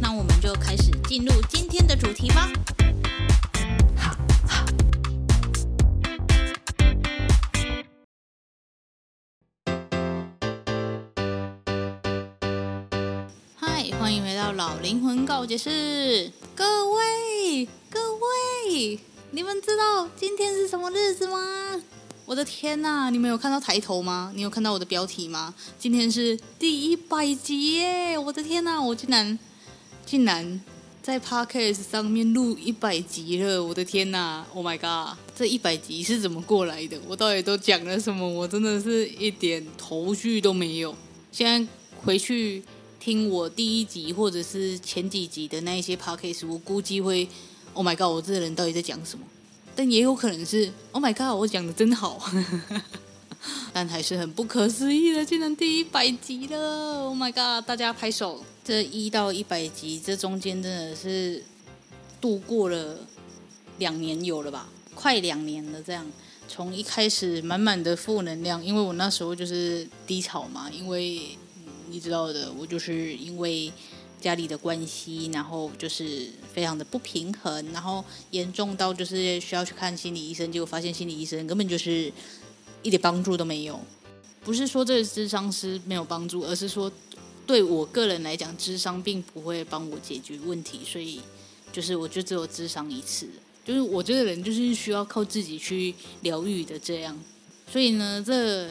那我們就開始進入今天的主題吧。嗨，歡迎回到老靈魂告解室。各位，各位，你們知道今天是什麼日子嗎？我的天哪，啊，你們有看到抬頭嗎？你有看到我的標題嗎？今天是第一百集耶！我的天哪，啊，我竟然。竟然在 podcast 上面錄一百集了，我的天吶、啊！Oh my god，這一百集是怎麼過來的？我到底都講了什麼？我真的是一點頭緒都沒有。現在回去聽我第一集或者是前幾集的那一些 podcast，我估計會 Oh my god，我這個人到底在講什麼？但也有可能是 Oh my god，我講得真好。 但還是很不可思議的，竟然第一百集了！Oh my god，大家拍手！這一到一百集，這中間真的是度過了兩年有了吧，快兩年了。這樣從一開始滿滿的負能量，因為我那時候就是低潮嘛，因為你知道的，我就是因為家裡的關係，然後就是非常的不平衡，然後嚴重到就是需要去看心理醫生，結果發現心理醫生根本就是。一點幫助都沒有，不是說這個諮商是沒有幫助，而是說對我個人來講，諮商並不會幫我解決問題。所以，就是我就只有諮商一次，就是我這個人就是需要靠自己去療癒的這樣。所以呢，這個、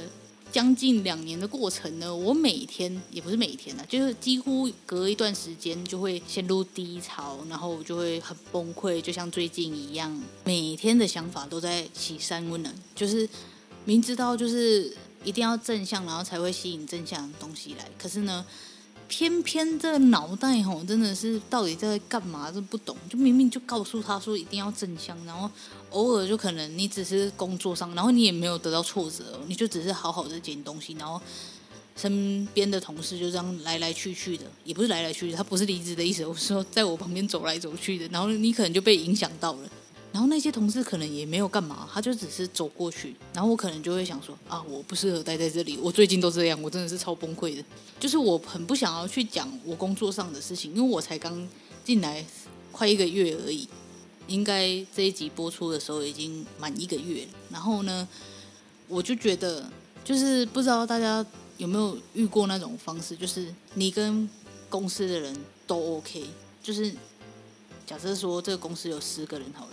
將近兩年的過程呢，我每天也不是每天呢，就是幾乎隔一段時間就會陷入低潮，然後就會很崩潰，就像最近一樣，每天的想法都在起三溫暖，就是。明知道就是一定要正向，然後才會吸引正向的東西來。可是呢，偏偏這腦袋吼，真的是到底在幹嘛？是不懂，就明明就告訴他說一定要正向，然後偶爾就可能你只是工作上，然後你也沒有得到挫折，你就只是好好的撿東西，然後身邊的同事就這樣來來去去的，也不是來來去去，他不是離職的意思，我是說在我旁邊走來走去的，然後你可能就被影響到了。然後那些同事可能也沒有幹嘛，他就只是走過去。然後我可能就會想說：啊，我不適合待在這裡。我最近都這樣，我真的是超崩潰的。就是我很不想要去講我工作上的事情，因為我才剛進來快一個月而已，應該這一集播出的時候已經滿一個月了，然後呢，我就覺得，就是不知道大家有沒有遇過那種方式，就是你跟公司的人都 OK，就是假設說這個公司有十個人好了。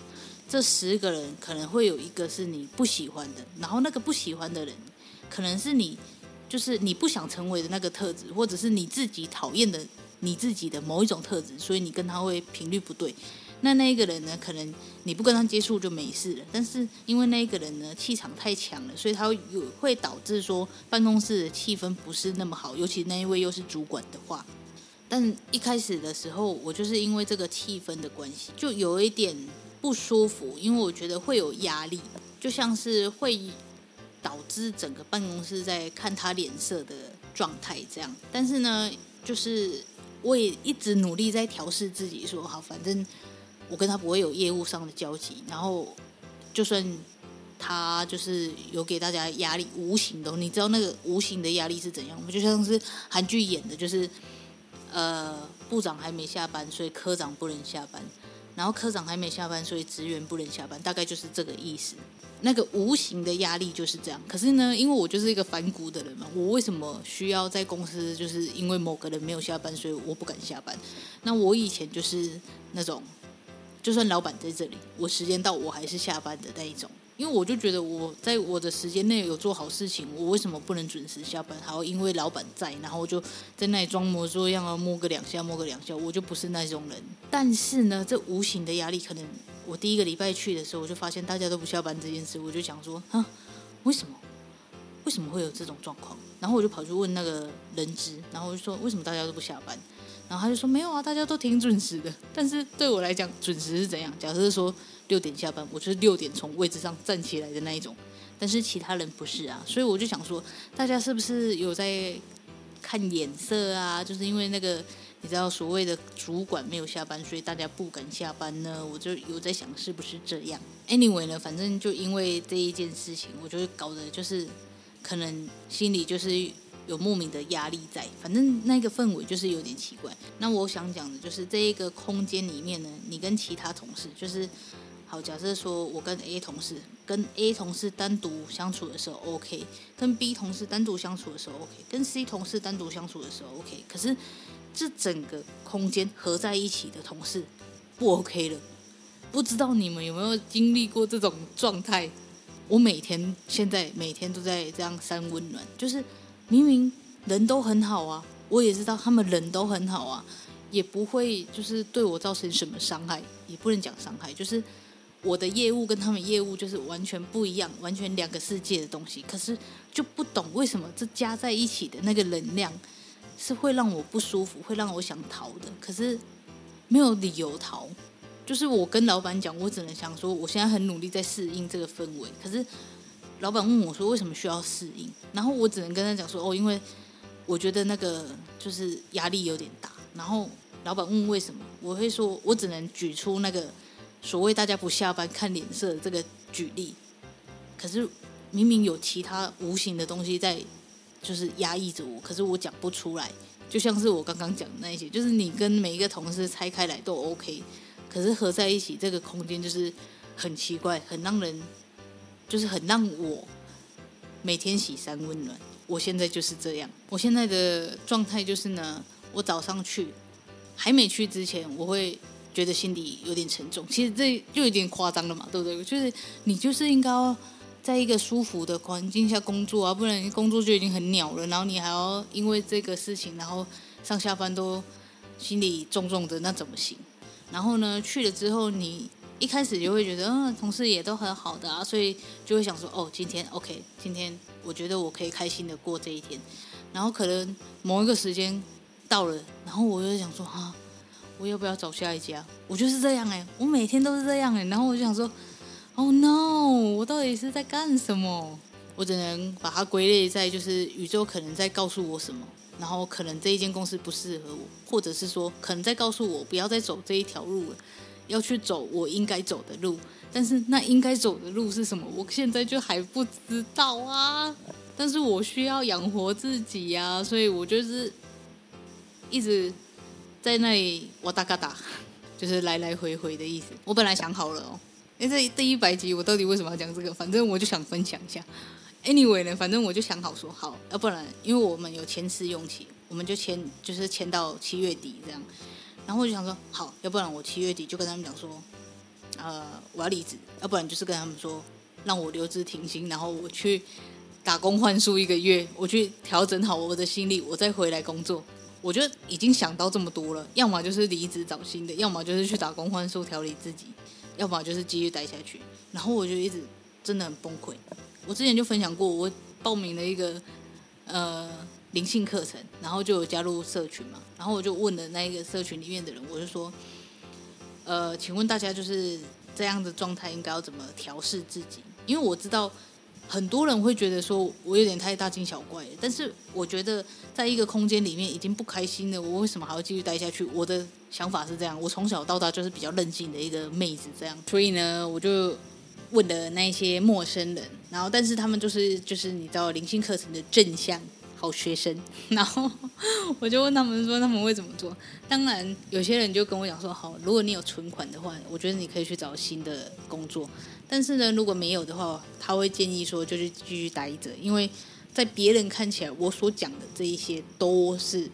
這十個人可能會有一個是你不喜歡的，然後那個不喜歡的人，可能是你，就是你不想成為的那個特質，或者是你自己討厭的你自己的某一種特質，所以你跟他會頻率不對。那那一個人呢，可能你不跟他接觸就沒事了，但是因為那一個人呢氣場太強了，所以他會有會導致說辦公室的氣氛不是那麼好，尤其那一位又是主管的話。但一開始的時候，我就是因為這個氣氛的關係，就有一點。不舒服，因為我覺得會有壓力，就像是會導致整個辦公室在看他臉色的狀態這樣。但是呢，就是我也一直努力在調適自己，說好，反正我跟他不會有業務上的交集。然後，就算他就是有給大家壓力，無形的，你知道那個無形的壓力是怎樣嗎？就像是韓劇演的，就是呃，部長還沒下班，所以科長不能下班。然後科長還沒下班，所以職員不能下班，大概就是這個意思。那個無形的壓力就是這樣。可是呢，因為我就是一個反骨的人嘛，我為什麼需要在公司？就是因為某個人沒有下班，所以我不敢下班。那我以前就是那種，就算老闆在這裡，我時間到我還是下班的那一種。因為我就覺得我在我的時間內有做好事情，我為什麼不能準時下班？還要因為老闆在，然後我就在那裡裝模作樣啊，摸個兩下摸個兩下，我就不是那種人。但是呢，這無形的壓力，可能我第一個禮拜去的時候，我就發現大家都不下班這件事，我就想說啊，為什麼？為什麼會有這種狀況？然後我就跑去問那個人資，然後我就說為什麼大家都不下班？然後他就說沒有啊，大家都挺準時的。但是對我來講，準時是怎樣？假設說。六點下班，我就是六點從位置上站起來的那一種，但是其他人不是啊，所以我就想說，大家是不是有在看眼色啊？就是因為那個，你知道所謂的主管沒有下班，所以大家不敢下班呢？我就有在想，是不是這樣？anyway 呢，反正就因為這一件事情，我就會搞得就是可能心裡就是有莫名的壓力在，反正那個氛圍就是有點奇怪。那我想講的就是，這一個空間裡面呢，你跟其他同事就是。好，假設說，我跟 A 同事，跟 A 同事單獨相處的時候 OK，跟 B 同事單獨相處的時候 OK，跟 C 同事單獨相處的時候 OK，可是這整個空間合在一起的同事不 OK 了。不知道你們有沒有經歷過這種狀態？我每天現在每天都在這樣三溫暖，就是明明人都很好啊，我也知道他們人都很好啊，也不會就是對我造成什麼傷害，也不能講傷害，就是。我的業務跟他們業務就是完全不一樣，完全兩個世界的東西。可是就不懂為什麼這加在一起的那個能量是會讓我不舒服，會讓我想逃的。可是沒有理由逃，就是我跟老闆講，我只能想說我現在很努力在適應這個氛圍。可是老闆問我說為什麼需要適應，然後我只能跟他講說哦，因為我覺得那個就是壓力有點大。然後老闆問為什麼，我會說我只能舉出那個。所謂大家不下班看臉色這個舉例，可是明明有其他無形的東西在，就是壓抑着我。可是我講不出來，就像是我剛剛講的那一些，就是你跟每一個同事拆開來都 OK，可是合在一起這個空間就是很奇怪，很讓人，就是很讓我每天洗三溫暖。我現在就是這樣，我現在的狀態就是呢，我早上去還沒去之前，我會。覺得心裡有點沉重，其實這就有點誇張了嘛，對不對？就是你就是應該在一個舒服的環境下工作啊，不然工作就已經很鳥了，然後你還要因為這個事情，然後上下班都心裡重重的，那怎麼行？然後呢，去了之後，你一開始就會覺得，嗯，同事也都很好的啊，所以就會想說，哦，今天 OK，今天我覺得我可以開心的過這一天。然後可能某一個時間到了，然後我就想說，哈、啊。我要不要找下一家？我就是這樣哎、欸，我每天都是這樣哎、欸。然後我就想說，Oh no！我到底是在幹什麼？我只能把它歸類在就是宇宙可能在告訴我什麼，然後可能這一間公司不適合我，或者是說可能在告訴我不要再走這一條路了，要去走我應該走的路。但是那應該走的路是什麼？我現在就還不知道啊。但是我需要養活自己呀、啊，所以我就是一直。在那裡，我打嘎打，就是來來回回的意思。我本來想好了哦，為、欸、這第一百集我到底為什麼要講這個？反正我就想分享一下。Anyway 呢，反正我就想好說好，要不然因為我們有簽試用期，我們就簽就是簽到七月底這樣。然後我就想說，好，要不然我七月底就跟他們講說，呃，我要離職，要不然就是跟他們說讓我留職停薪，然後我去打工換宿一個月，我去調整好我的心理，我再回來工作。我就已經想到這麼多了，要麼就是離職找新的，要麼就是去打工換宿調理自己，要麼就是繼續待下去。然後我就一直真的很崩潰。我之前就分享過，我報名了一個呃靈性課程，然後就有加入社群嘛。然後我就問了那一個社群裡面的人，我就說，呃，請問大家就是這樣的狀態應該要怎麼調試自己？因為我知道。很多人會覺得說，我有點太大驚小怪了，但是我覺得，在一個空間裡面已經不開心了，我為什麼還要繼續待下去？我的想法是這樣，我從小到大就是比較任性的一個妹子，這樣，所以呢，我就問了那些陌生人，然後，但是他們就是就是你知道，靈性課程的正向好學生，然後我就問他們說，他們會怎麼做？當然，有些人就跟我講說，好，如果你有存款的話，我覺得你可以去找新的工作。但是呢，如果沒有的話，他會建議說，就是繼續待着，因為在別人看起來，我所講的這一些都是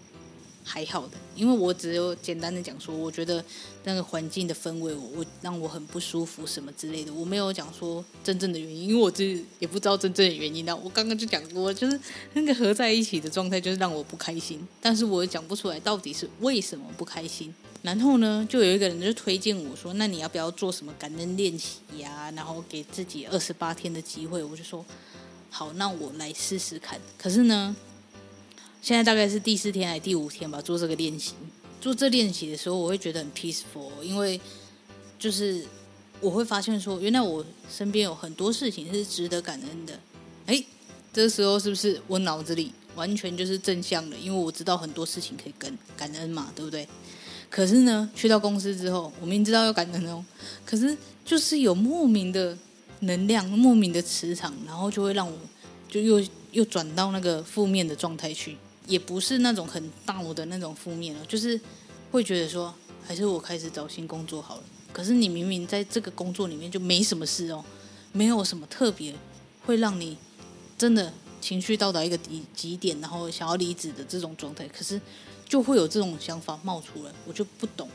還好的，因為我只有簡單的講說，我覺得那個環境的氛圍我，我讓我很不舒服什麼之類的，我沒有講說真正的原因，因為我就也不知道真正的原因。那我剛剛就講過，就是那個合在一起的狀態就是讓我不開心，但是我也講不出來到底是為什麼不開心。然後呢，就有一個人就推薦我說，那你要不要做什麼感恩練習呀、啊？然後給自己二十八天的機會，我就說好，那我來試試看。可是呢。現在大概是第四天還是第五天吧，做這個練習，做這練習的時候，我會覺得很 peaceful，因為就是我會發現說，原來我身邊有很多事情是值得感恩的。哎，這時候是不是我腦子裡完全就是正向的？因為我知道很多事情可以跟感恩嘛，對不對？可是呢，去到公司之後，我明知道要感恩哦，可是就是有莫名的能量、莫名的磁場，然後就會讓我就又又轉到那個負面的狀態去。也不是那種很大的那種負面了哦,就是會覺得說,還是我開始找新工作好了。可是你明明在這個工作裡面就沒什麼事哦,沒有什麼特別會讓你真的情緒到達一個極極點,然後想要離職的這種狀態,可是就會有這種想法冒出來,我就不懂,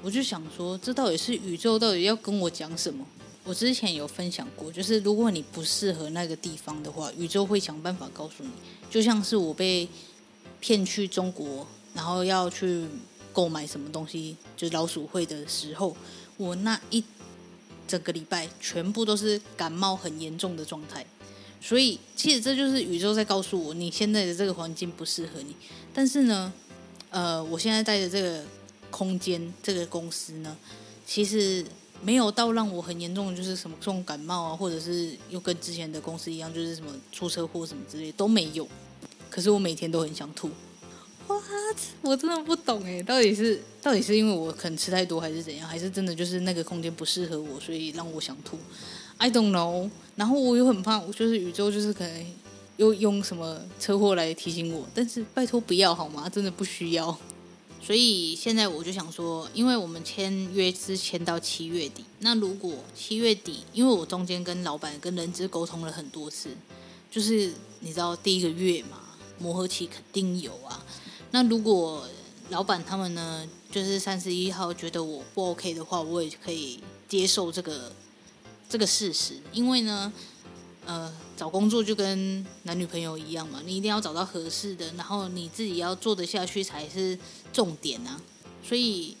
我就想說,這到底是宇宙到底要跟我講什麼？我之前有分享過,就是如果你不適合那個地方的話,宇宙會想辦法告訴你,就像是我被。騙去中國，然後要去購買什麼東西，就是老鼠會的時候，我那一整個禮拜全部都是感冒很嚴重的狀態。所以，其實這就是宇宙在告訴我，你現在的這個環境不適合你。但是呢，呃，我現在待的這個空間，這個公司呢，其實沒有到讓我很嚴重，就是什麼重感冒啊，或者是又跟之前的公司一樣，就是什麼出車禍什麼之類都沒有。可是我每天都很想吐，What? 我真的不懂哎，到底是到底是因為我可能吃太多，還是怎樣？還是真的就是那個空間不適合我，所以讓我想吐？I don't know。然後我又很怕，我就是宇宙就是可能又用什麼車禍來提醒我，但是拜託不要好嗎？真的不需要。所以現在我就想說，因為我們簽約是簽到七月底，那如果七月底，因為我中間跟老闆跟人資溝通了很多次，就是你知道第一個月嘛。磨合期肯定有啊，那如果老闆他們呢，就是三十一號覺得我不 OK 的話，我也可以接受這個這個事實，因為呢，呃，找工作就跟男女朋友一樣嘛，你一定要找到合適的，然後你自己要做得下去才是重點啊。所以，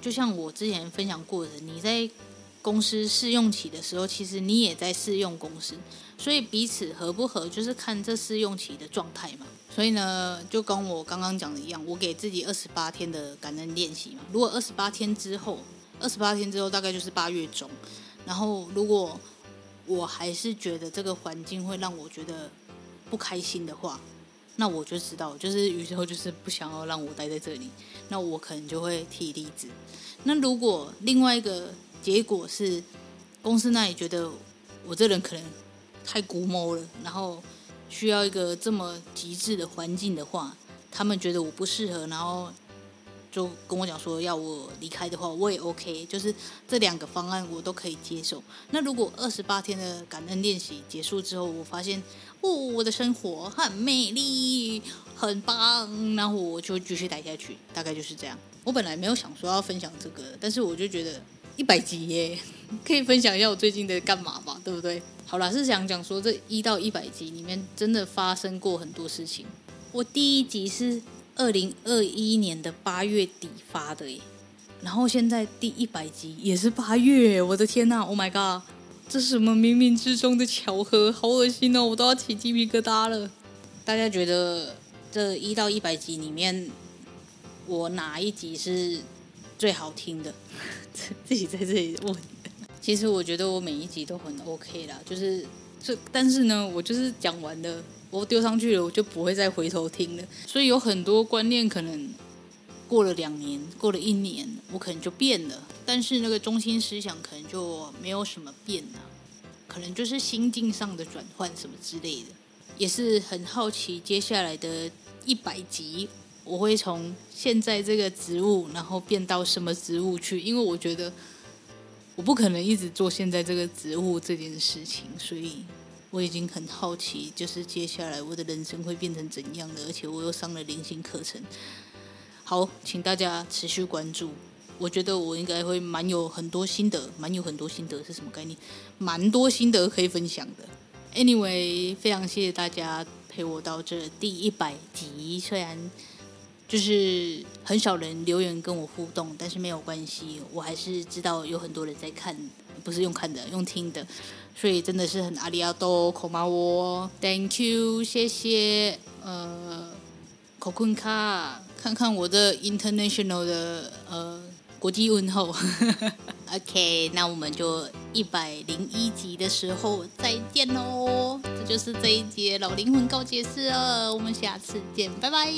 就像我之前分享過的，你在公司試用期的時候，其實你也在試用公司。所以彼此合不合，就是看這試用期的狀態嘛。所以呢，就跟我剛剛講的一樣，我給自己二十八天的感恩練習嘛。如果二十八天之後，二十八天之後大概就是八月中，然後如果我還是覺得這個環境會讓我覺得不開心的話，那我就知道，就是宇宙就是不想要讓我待在這裡。那我可能就會提離職。那如果另外一個結果是公司那裡覺得我這人可能。太古摸了，然後需要一個這麼極致的環境的話，他們覺得我不適合，然後就跟我講說要我離開的話，我也 OK，就是這兩個方案我都可以接受。那如果二十八天的感恩練習結束之後，我發現哦，我的生活很美麗，很棒，然後我就繼續待下去。大概就是這樣。我本來沒有想說要分享這個，但是我就覺得一百集耶。 可以分享一下我最近在幹嘛吧，對不對？好啦，是想講說這一到一百集裡面真的發生過很多事情。我第一集是二零二一年的八月底發的耶，然後現在第一百集也是八月，我的天吶，Oh my god，這是什麼冥冥之中的巧合？好噁心哦，我都要起雞皮疙瘩了。大家覺得這一到一百集裡面，我哪一集是最好聽的？ 自己在這裡問。其實我覺得我每一集都很 OK 啦，就是這，但是呢，我就是講完了，我丟上去了，我就不會再回頭聽了。所以有很多觀念可能過了兩年，過了一年，我可能就變了，但是那個中心思想可能就沒有什麼變了啊，可能就是心境上的轉換什麼之類的。也是很好奇接下來的一百集，我會從現在這個職務，然後變到什麼職務去？因為我覺得。我不可能一直做現在這個職務這件事情，所以我已經很好奇，就是接下來我的人生會變成怎樣的。而且我又上了靈性課程，好，請大家持續關注。我覺得我應該會蠻有很多心得，蠻有很多心得是什麼概念？蠻多心得可以分享的。Anyway，非常謝謝大家陪我到這第一百集，雖然。就是很少人留言跟我互動，但是沒有關係，我還是知道有很多人在看，不是用看的，用聽的，所以真的是很阿里阿多，可馬沃，Thank you，謝謝，呃 Kokunka，看看我的 international 的呃國際問候 ，OK，那我們就一百零一集的時候再見嘍，這就是這一集老靈魂告解室了，我們下次見，拜拜。